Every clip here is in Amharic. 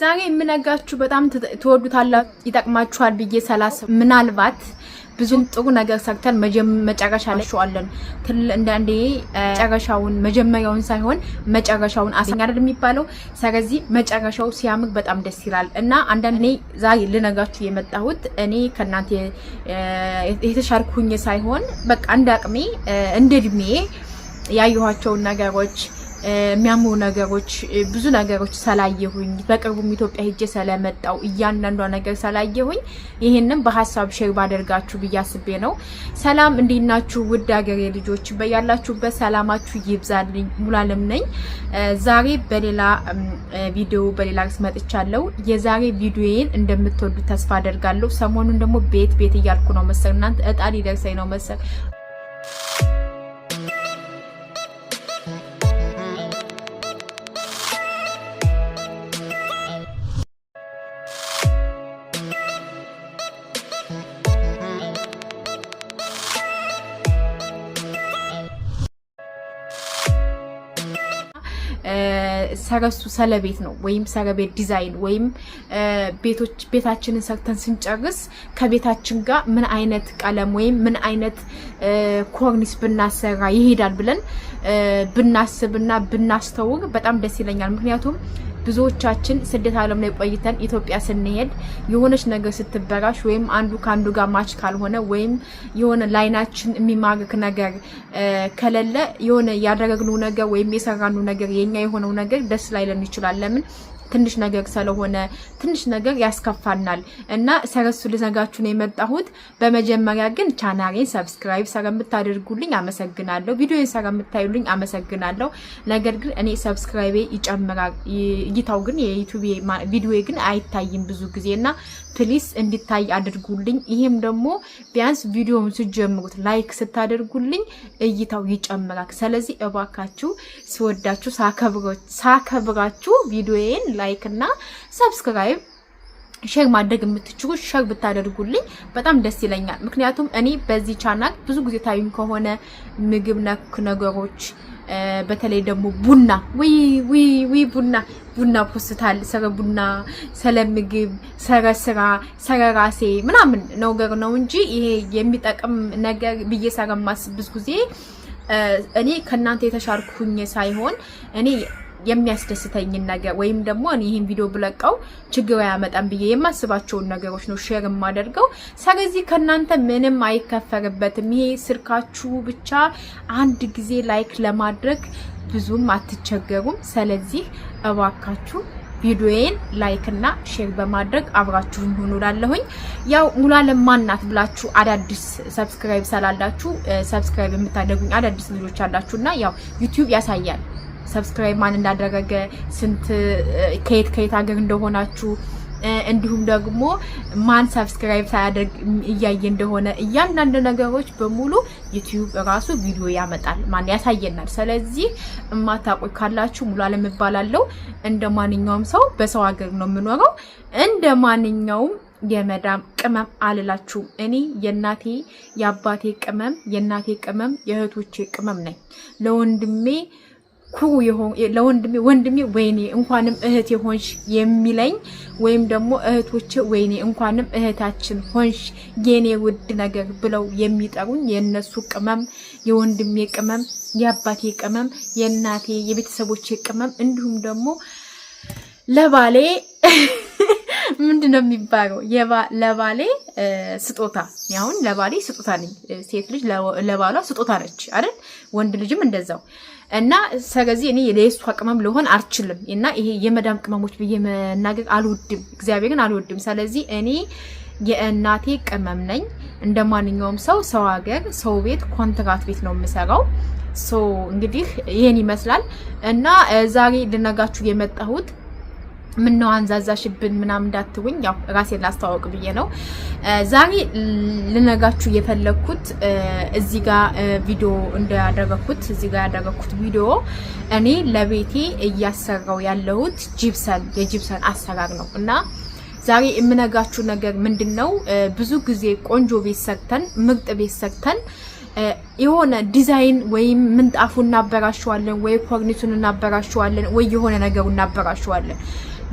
ዛሬ የምነጋችሁ በጣም ትወዱታላ ይጠቅማችኋል ብዬ ሰላስ ምናልባት ብዙም ጥሩ ነገር ሰርተን መጨረሻ ለሸዋለን ትል እንዳንዴ መጨረሻውን መጀመሪያውን ሳይሆን መጨረሻውን አሰኛ አይደል የሚባለው። ስለዚህ መጨረሻው ሲያምር በጣም ደስ ይላል እና አንዳንድ እኔ ዛሬ ልነጋችሁ የመጣሁት እኔ ከእናንተ የተሻልኩኝ ሳይሆን በቃ እንደ አቅሜ እንደ እድሜ ያየኋቸውን ነገሮች የሚያምሩ ነገሮች ብዙ ነገሮች ሰላየሁኝ። በቅርቡም ኢትዮጵያ ሄጄ ስለመጣው እያንዳንዷ ነገር ሰላየሁኝ። ይህንም በሀሳብ ሼር ባደርጋችሁ ብዬ አስቤ ነው። ሰላም እንዲናችሁ ውድ ሀገሬ ልጆች በያላችሁበት ሰላማችሁ ይብዛልኝ። ሙሉዓለም ነኝ። ዛሬ በሌላ ቪዲዮ በሌላ ርዕስ መጥቻለሁ። የዛሬ ቪዲዮዬን እንደምትወዱ ተስፋ አደርጋለሁ። ሰሞኑን ደግሞ ቤት ቤት እያልኩ ነው መሰል እናንተ እጣ ሊደርሰኝ ነው መሰል ሰረሱ ሰለቤት ነው ወይም ሰረቤት ዲዛይን ወይም ቤቶች ቤታችንን ሰርተን ስንጨርስ ከቤታችን ጋር ምን አይነት ቀለም ወይም ምን አይነት ኮርኒስ ብናሰራ ይሄዳል ብለን ብናስብና ብናስተውር በጣም ደስ ይለኛል። ምክንያቱም ብዙዎቻችን ስደት ዓለም ላይ ቆይተን ኢትዮጵያ ስንሄድ የሆነች ነገር ስትበራሽ ወይም አንዱ ከአንዱ ጋር ማች ካልሆነ ወይም የሆነ ላይናችን የሚማርክ ነገር ከሌለ የሆነ ያደረግነው ነገር ወይም የሰራነው ነገር የኛ የሆነው ነገር ደስ ላይለን ይችላል። ለምን ትንሽ ነገር ስለሆነ ትንሽ ነገር ያስከፋናል እና ሰረሱ ልዘጋችሁ ነው የመጣሁት። በመጀመሪያ ግን ቻናሌን ሰብስክራይብ ስለምታደርጉልኝ አመሰግናለሁ። ቪዲዮን ስለምታዩልኝ አመሰግናለሁ። ነገር ግን እኔ ሰብስክራይቤ ይጨምራል፣ እይታው ግን የዩቲዩብ ቪዲዮ ግን አይታይም ብዙ ጊዜ እና ፕሊስ እንዲታይ አድርጉልኝ። ይህም ደግሞ ቢያንስ ቪዲዮውን ስጀምሩት ላይክ ስታደርጉልኝ እይታው ይጨምራል። ስለዚህ እባካችሁ ስወዳችሁ ሳከብራችሁ ቪዲዮዬን ላይክ እና ሰብስክራይብ ሼር ማድረግ የምትችሉ ሼር ብታደርጉልኝ በጣም ደስ ይለኛል። ምክንያቱም እኔ በዚህ ቻናል ብዙ ጊዜ ታዩኝ ከሆነ ምግብ ነክ ነገሮች በተለይ ደግሞ ቡና ውይ ውይ ውይ ቡና ቡና ፖስታል ሰረ ቡና ሰለ ምግብ ሰረ ስራ ሰረ ራሴ ምናምን ነገር ነው እንጂ ይሄ የሚጠቅም ነገር ብዬ ብዙ ጊዜ እኔ ከእናንተ የተሻልኩኝ ሳይሆን እኔ የሚያስደስተኝን ነገር ወይም ደግሞ እኔ ይህን ቪዲዮ ብለቀው ችግር አያመጣም ብዬ የማስባቸውን ነገሮች ነው ሼር የማደርገው። ስለዚህ ከእናንተ ምንም አይከፈርበትም። ይሄ ስልካችሁ ብቻ አንድ ጊዜ ላይክ ለማድረግ ብዙም አትቸገሩም። ስለዚህ እባካችሁ ቪዲዮዬን ላይክ እና ሼር በማድረግ አብራችሁን ሁኑ። ላለሁኝ ያው ሙሉዓለም ማናት ብላችሁ አዳዲስ ሰብስክራይብ ስላላችሁ ሰብስክራይብ የምታደርጉኝ አዳዲስ ልጆች አላችሁና ያው ዩቲዩብ ያሳያል ሰብስክራይብ ማን እንዳደረገ ስንት ከየት ከየት ሀገር እንደሆናችሁ እንዲሁም ደግሞ ማን ሰብስክራይብ ሳያደርግ እያየ እንደሆነ እያንዳንድ ነገሮች በሙሉ ዩቲዩብ ራሱ ቪዲዮ ያመጣል፣ ማን ያሳየናል። ስለዚህ እማታውቁ ካላችሁ ሙሉ አለም እባላለሁ። እንደ ማንኛውም ሰው በሰው ሀገር ነው የምኖረው። እንደ ማንኛውም የመዳም ቅመም አልላችሁም። እኔ የእናቴ የአባቴ ቅመም የእናቴ ቅመም የእህቶቼ ቅመም ነኝ ለወንድሜ ኩሩ ለወንድሜ ወንድሜ ወይኔ እንኳንም እህቴ ሆንሽ የሚለኝ ወይም ደግሞ እህቶቼ ወይኔ እንኳንም እህታችን ሆንሽ የኔ ውድ ነገር ብለው የሚጠሩኝ የእነሱ ቅመም፣ የወንድሜ ቅመም፣ የአባቴ ቅመም፣ የእናቴ የቤተሰቦቼ ቅመም እንዲሁም ደግሞ ለባሌ ምንድን ነው የሚባለው? ለባሌ ስጦታ አሁን ለባሌ ስጦታ ነኝ። ሴት ልጅ ለባሏ ስጦታ ነች አይደል? ወንድ ልጅም እንደዛው እና ስለዚህ እኔ የእሱ ቅመም ልሆን አልችልም። እና ይሄ የመዳም ቅመሞች ብዬ መናገር አልወድም፣ እግዚአብሔርን አልወድም። ስለዚህ እኔ የእናቴ ቅመም ነኝ። እንደ ማንኛውም ሰው ሰው ሀገር ሰው ቤት ኮንትራት ቤት ነው የምሰራው። እንግዲህ ይህን ይመስላል እና ዛሬ ልነጋችሁ የመጣሁት ምን ነው አንዛዛሽብን ምናምን እንዳትውኝ፣ ያው ራሴን ላስተዋወቅ ብዬ ነው። ዛሬ ልነጋችሁ የፈለግኩት እዚህ ጋር ቪዲዮ እንዳደረግኩት እዚህ ጋር ያደረግኩት ቪዲዮ እኔ ለቤቴ እያሰራው ያለሁት ጂፕሰን የጂፕሰን አሰራር ነው እና ዛሬ የምነጋችሁ ነገር ምንድን ነው፣ ብዙ ጊዜ ቆንጆ ቤት ሰርተን ምርጥ ቤት ሰርተን የሆነ ዲዛይን ወይም ምንጣፉ እናበራሸዋለን፣ ወይ ኮርኒቱን እናበራሸዋለን፣ ወይ የሆነ ነገሩ እናበራሸዋለን።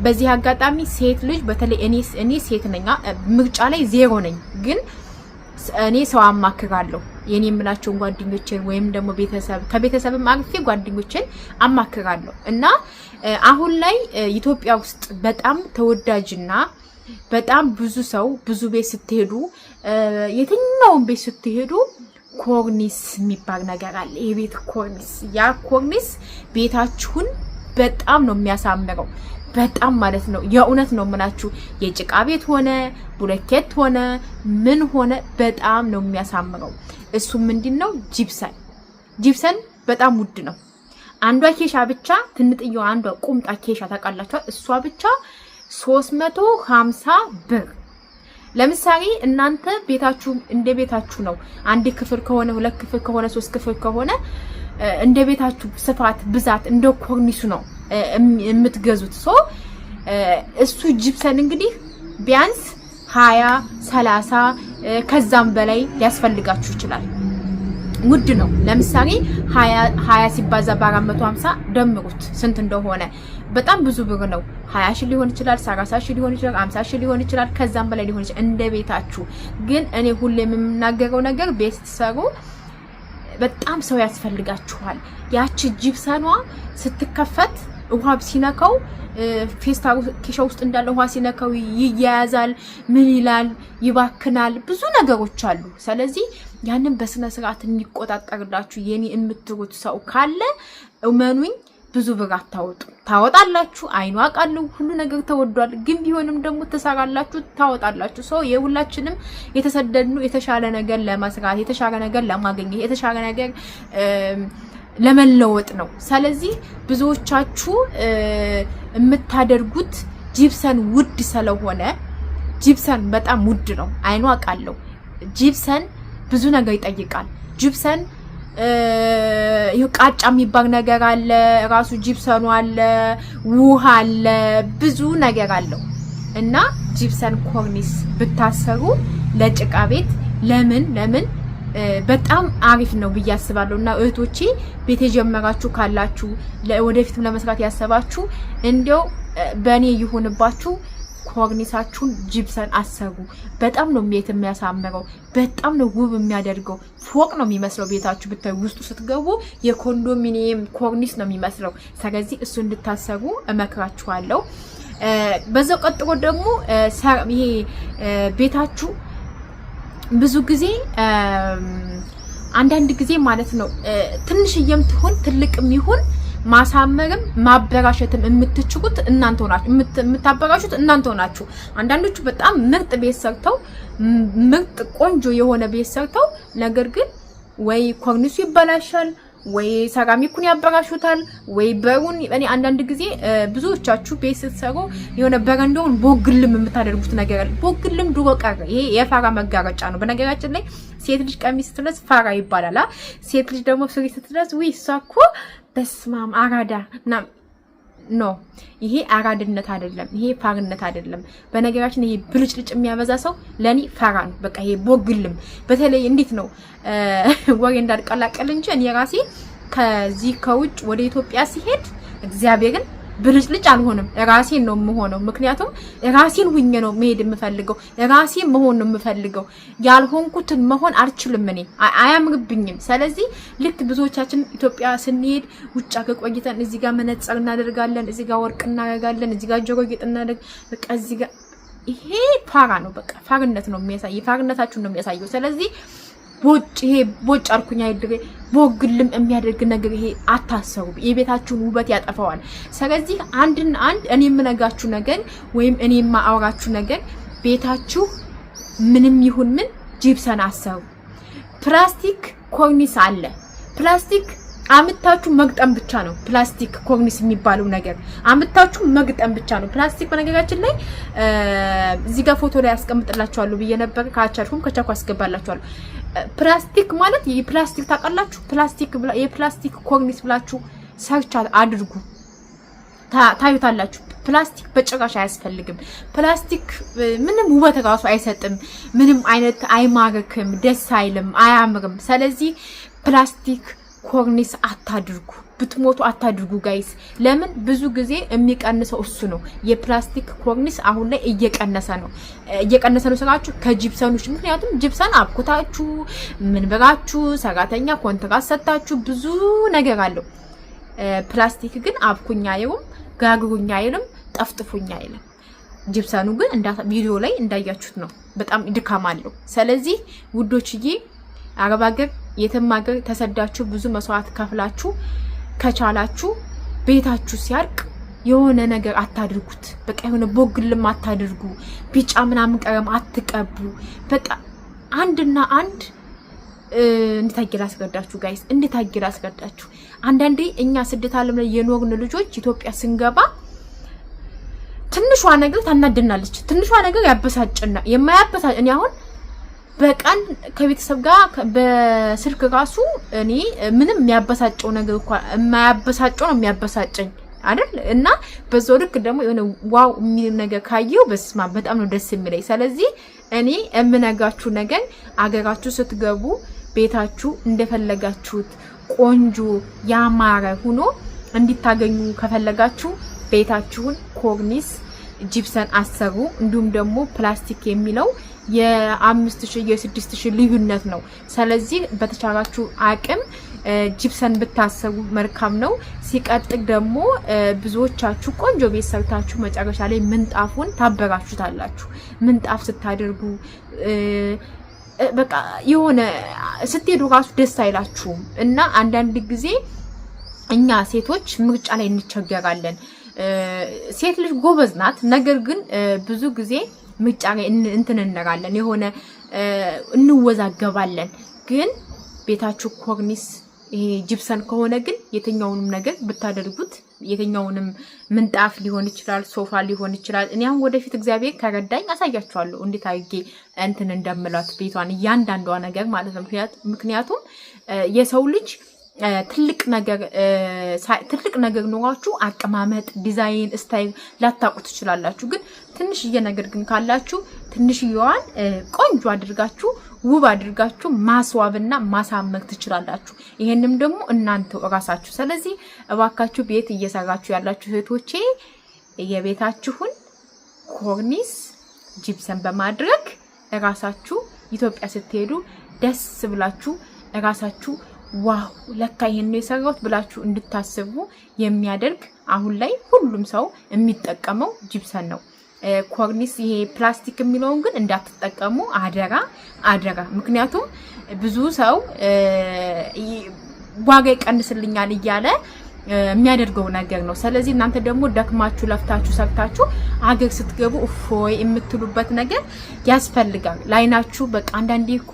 በዚህ አጋጣሚ ሴት ልጅ በተለይ እኔ ሴት ነኝ፣ ምርጫ ላይ ዜሮ ነኝ። ግን እኔ ሰው አማክራለሁ። የኔ የምላቸውን ጓደኞችን ወይም ደግሞ ቤተሰብ ከቤተሰብም አርፌ ጓደኞችን አማክራለሁ እና አሁን ላይ ኢትዮጵያ ውስጥ በጣም ተወዳጅና በጣም ብዙ ሰው ብዙ ቤት ስትሄዱ የትኛውን ቤት ስትሄዱ ኮርኒስ የሚባል ነገር አለ። የቤት ኮርኒስ ያ ኮርኒስ ቤታችሁን በጣም ነው የሚያሳምረው። በጣም ማለት ነው። የእውነት ነው ምናችሁ የጭቃ ቤት ሆነ ቡለኬት ሆነ ምን ሆነ በጣም ነው የሚያሳምረው። እሱ ምንድን ነው ጂፕሰን። ጂፕሰን በጣም ውድ ነው። አንዷ ኬሻ ብቻ ትንጥየው አንዷ ቁምጣ ኬሻ ታውቃላችኋል። እሷ ብቻ 350 ብር ለምሳሌ እናንተ ቤታችሁ እንደ ቤታችሁ ነው። አንድ ክፍል ከሆነ ሁለት ክፍል ከሆነ ሶስት ክፍል ከሆነ እንደ ቤታችሁ ስፋት ብዛት እንደ ኮርኒሱ ነው የምትገዙት ሶ እሱ ጅፕሰን እንግዲህ ቢያንስ 20 30 ከዛም በላይ ሊያስፈልጋችሁ ይችላል። ውድ ነው። ለምሳሌ 20 ሲባዛ በ450 ደምሩት ስንት እንደሆነ በጣም ብዙ ብር ነው። 20 ሺህ ሊሆን ይችላል፣ 30 ሺህ ሊሆን ይችላል፣ 50 ሺህ ሊሆን ይችላል፣ ከዛም በላይ ሊሆን ይችላል እንደ ቤታችሁ። ግን እኔ ሁሌ የምናገረው ነገር ቤት ስትሰሩ በጣም ሰው ያስፈልጋችኋል። ያቺ ጅብሰኗ ስትከፈት ውሃ ሲነካው ፌስታ ኬሻ ውስጥ እንዳለ ውሃ ሲነካው ይያያዛል፣ ምን ይላል፣ ይባክናል፣ ብዙ ነገሮች አሉ። ስለዚህ ያንን በስነ ስርዓት የሚቆጣጠርላችሁ የኔ የምትሩት ሰው ካለ እመኑኝ ብዙ ብር አታወጡ። ታወጣላችሁ፣ አይኑ አውቃለሁ። ሁሉ ነገር ተወዷል፣ ግን ቢሆንም ደግሞ ትሰራላችሁ፣ ታወጣላችሁ። ሰው የሁላችንም የተሰደድነው የተሻለ ነገር ለመስራት የተሻለ ነገር ለማገኘት የተሻለ ነገር ለመለወጥ ነው። ስለዚህ ብዙዎቻችሁ የምታደርጉት ጂፕሰን ውድ ስለሆነ ጂፕሰን በጣም ውድ ነው። አይኑ አውቃለሁ። ጂፕሰን ብዙ ነገር ይጠይቃል። ጂፕሰን ይሄ ቃጫ የሚባል ነገር አለ፣ ራሱ ጂፕሰኑ አለ፣ ውሃ አለ፣ ብዙ ነገር አለው እና ጂፕሰን ኮርኒስ ብታሰሩ ለጭቃ ቤት ለምን ለምን በጣም አሪፍ ነው ብዬ አስባለሁ። እና እህቶቼ ቤት የጀመራችሁ ካላችሁ ወደፊትም ለመስራት ያሰባችሁ እንዲያው በእኔ ይሁንባችሁ ኮርኒሳችሁን ጅብሰን አሰሩ። በጣም ነው ቤት የሚያሳምረው፣ በጣም ነው ውብ የሚያደርገው። ፎቅ ነው የሚመስለው ቤታችሁ ብታዩ፣ ውስጡ ስትገቡ የኮንዶሚኒየም ኮርኒስ ነው የሚመስለው። ስለዚህ እሱ እንድታሰሩ እመክራችኋለሁ። በዛው ቀጥሎ ደግሞ ይሄ ቤታችሁ ብዙ ጊዜ አንዳንድ ጊዜ ማለት ነው ትንሽዬም ትሆን ትልቅም ይሁን ማሳመርም ማበራሸትም የምትችሉት እናንተ ሆናችሁ የምታበራሹት እናንተ ሆናችሁ። አንዳንዶቹ በጣም ምርጥ ቤት ሰርተው ምርጥ ቆንጆ የሆነ ቤት ሰርተው ነገር ግን ወይ ኮርኒሱ ይበላሻል ወይ ሰራሚኩን ያበራሹታል ወይ በሩን። እኔ አንዳንድ ጊዜ ብዙዎቻችሁ ቤት ስትሰሩ የሆነ በረንዳውን ቦግልም የምታደርጉት ነገር አለ። ቦግልም ድሮ ቀረ። ይሄ የፋራ መጋረጫ ነው። በነገራችን ላይ ሴት ልጅ ቀሚስ ስትለብስ ፋራ ይባላል። ሴት ልጅ ደግሞ ሱሪ ስትለብስ ዊ እሷ እኮ በስመ አብ አራዳ ምናምን ኖ ይሄ አራድነት አይደለም። ይሄ ፋርነት አይደለም። በነገራችን ይሄ ብልጭልጭ የሚያበዛ ሰው ለኔ ፋራ ነው። በቃ ይሄ ቦግልም በተለይ እንዴት ነው ወሬ እንዳልቀላቀል እንጂ እኔ ራሴ ከዚህ ከውጭ ወደ ኢትዮጵያ ሲሄድ እግዚአብሔርን ብልጭልጭ አልሆንም። ራሴን ነው የምሆነው። ምክንያቱም ራሴን ሁኜ ነው መሄድ የምፈልገው። ራሴን መሆን ነው የምፈልገው። ያልሆንኩትን መሆን አልችልም። እኔ አያምርብኝም። ስለዚህ ልክ ብዙዎቻችን ኢትዮጵያ ስንሄድ ውጭ አገር ቆይተን እዚህ ጋር መነጸር እናደርጋለን፣ እዚህ ጋር ወርቅ እናደርጋለን፣ እዚህ ጋር ጆሮ ጌጥ እናደርግ በቃ እዚህ ጋር ይሄ ፋራ ነው። በቃ ፋርነት ነው የሚያሳይ ፋርነታችሁን ነው የሚያሳየው። ስለዚህ ቦጭ ይሄ ቦጭ አልኩኝ አይደል? ቦግልም የሚያደርግ ነገር ይሄ አታሰቡ። የቤታችሁን ውበት ያጠፋዋል። ስለዚህ አንድና አንድ እኔ የምነጋችሁ ነገር ወይም እኔ የማወራችሁ ነገር ቤታችሁ ምንም ይሁን ምን ጂፕሰን አሰሩ። ፕላስቲክ ኮርኒስ አለ ፕላስቲክ አምታችሁ መግጠም ብቻ ነው። ፕላስቲክ ኮግኒስ የሚባለው ነገር አምታችሁ መግጠም ብቻ ነው። ፕላስቲክ በነገራችን ላይ እዚህ ጋር ፎቶ ላይ ያስቀምጥላችኋለሁ ብዬ ነበር። ከቻኩ አስገባላችኋለሁ። ፕላስቲክ ማለት የፕላስቲክ ታውቃላችሁ። ፕላስቲክ የፕላስቲክ ኮግኒስ ብላችሁ ሰርች አድርጉ ታዩታላችሁ። ፕላስቲክ በጭራሽ አያስፈልግም። ፕላስቲክ ምንም ውበት ራሱ አይሰጥም። ምንም አይነት አይማርክም፣ ደስ አይልም፣ አያምርም። ስለዚህ ፕላስቲክ ኮርኒስ አታድርጉ፣ ብትሞቱ አታድርጉ ጋይስ። ለምን ብዙ ጊዜ የሚቀንሰው እሱ ነው። የፕላስቲክ ኮርኒስ አሁን ላይ እየቀነሰ ነው። እየቀነሰ ነው ስራችሁ ከጂፕሰኖች። ምክንያቱም ጂፕሰን አብኩታችሁ ምን ሰራተኛ ኮንትራት ሰጥታችሁ ብዙ ነገር አለው። ፕላስቲክ ግን አብኩኛ አይልም፣ ጋግሩኛ አይልም፣ ጠፍጥፉኛ አይልም። ጂፕሰኑ ግን ቪዲዮ ላይ እንዳያችሁት ነው። በጣም ድካም አለው። ስለዚህ ውዶችዬ አረብ ሀገር፣ የትም ሀገር ተሰዳችሁ ብዙ መስዋዕት ከፍላችሁ ከቻላችሁ ቤታችሁ ሲያርቅ የሆነ ነገር አታድርጉት። በቃ የሆነ ቦግልም አታድርጉ። ቢጫ ምናምን ቀለም አትቀቡ። በቃ አንድና አንድ እንዴት እንድታየ ላስረዳችሁ ጋይስ፣ እንዴት እንድታየ ላስረዳችሁ። አንዳንዴ እኛ ስደት ዓለም ላይ የኖርን ልጆች ኢትዮጵያ ስንገባ ትንሿ ነገር ታናድናለች። ትንሿ ነገር ያበሳጭና የማያበሳጭ እኔ አሁን በቀን ከቤተሰብ ጋር በስልክ ራሱ እኔ ምንም የሚያበሳጨው ነገር እኮ የማያበሳጨው ነው የሚያበሳጨኝ አይደል? እና በዛው ልክ ደግሞ የሆነ ዋው የሚል ነገር ካየው በስማ በጣም ነው ደስ የሚለኝ። ስለዚህ እኔ የምነጋችሁ ነገር አገራችሁ ስትገቡ ቤታችሁ እንደፈለጋችሁት ቆንጆ ያማረ ሁኖ እንዲታገኙ ከፈለጋችሁ ቤታችሁን ኮርኒስ ጂፕሰን አሰሩ። እንዲሁም ደግሞ ፕላስቲክ የሚለው የአምስት ሺህ የስድስት ሺህ ልዩነት ነው። ስለዚህ በተቻላችሁ አቅም ጂፕሰን ብታሰቡ መልካም ነው። ሲቀጥል ደግሞ ብዙዎቻችሁ ቆንጆ ቤት ሰርታችሁ መጨረሻ ላይ ምንጣፉን ታበራችሁታላችሁ። ምንጣፍ ስታደርጉ በቃ የሆነ ስትሄዱ ራሱ ደስ አይላችሁም እና አንዳንድ ጊዜ እኛ ሴቶች ምርጫ ላይ እንቸገራለን። ሴት ልጅ ጎበዝ ናት፣ ነገር ግን ብዙ ጊዜ ምጫ እንትን እንነጋለን፣ የሆነ እንወዛገባለን። ግን ቤታችሁ ኮርኒስ ይሄ ጅብሰን ከሆነ ግን የትኛውንም ነገር ብታደርጉት የትኛውንም ምንጣፍ ሊሆን ይችላል፣ ሶፋ ሊሆን ይችላል። እኔ አሁን ወደፊት እግዚአብሔር ከረዳኝ አሳያችኋለሁ እንዴት አድርጌ እንትን እንደምላት ቤቷን እያንዳንዷ ነገር ማለት ነው። ምክንያቱም የሰው ልጅ ትልቅ ነገር ኖሯችሁ አቀማመጥ፣ ዲዛይን፣ ስታይል ላታውቁ ትችላላችሁ። ግን ትንሽዬ ነገር ግን ካላችሁ ትንሽዬዋን ቆንጆ አድርጋችሁ ውብ አድርጋችሁ ማስዋብና ማሳመር ትችላላችሁ። ይሄንም ደግሞ እናንተው እራሳችሁ። ስለዚህ እባካችሁ ቤት እየሰራችሁ ያላችሁ እህቶቼ የቤታችሁን ኮርኒስ ጂፕሰን በማድረግ እራሳችሁ ኢትዮጵያ ስትሄዱ ደስ ብላችሁ እራሳችሁ ዋው ለካ ይሄን ነው የሰራሁት ብላችሁ እንድታስቡ የሚያደርግ አሁን ላይ ሁሉም ሰው የሚጠቀመው ጂፕሰን ነው። ኮርኒስ ይሄ ፕላስቲክ የሚለውን ግን እንዳትጠቀሙ አደራ አደራ። ምክንያቱም ብዙ ሰው ዋጋ ይቀንስልኛል እያለ የሚያደርገው ነገር ነው። ስለዚህ እናንተ ደግሞ ደክማችሁ ለፍታችሁ ሰርታችሁ አገር ስትገቡ እፎይ የምትሉበት ነገር ያስፈልጋል። ላይናችሁ በቃ አንዳንዴ እኮ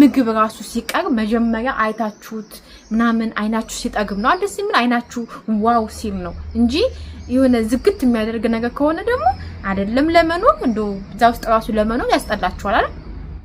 ምግብ ራሱ ሲቀርብ መጀመሪያ አይታችሁት ምናምን አይናችሁ ሲጠግብ ነው ደስ የሚል አይናችሁ ዋው ሲል ነው እንጂ የሆነ ዝግት የሚያደርግ ነገር ከሆነ ደግሞ አይደለም ለመኖር እንደው እዛ ውስጥ ራሱ ለመኖር ያስጠላችኋል አይደል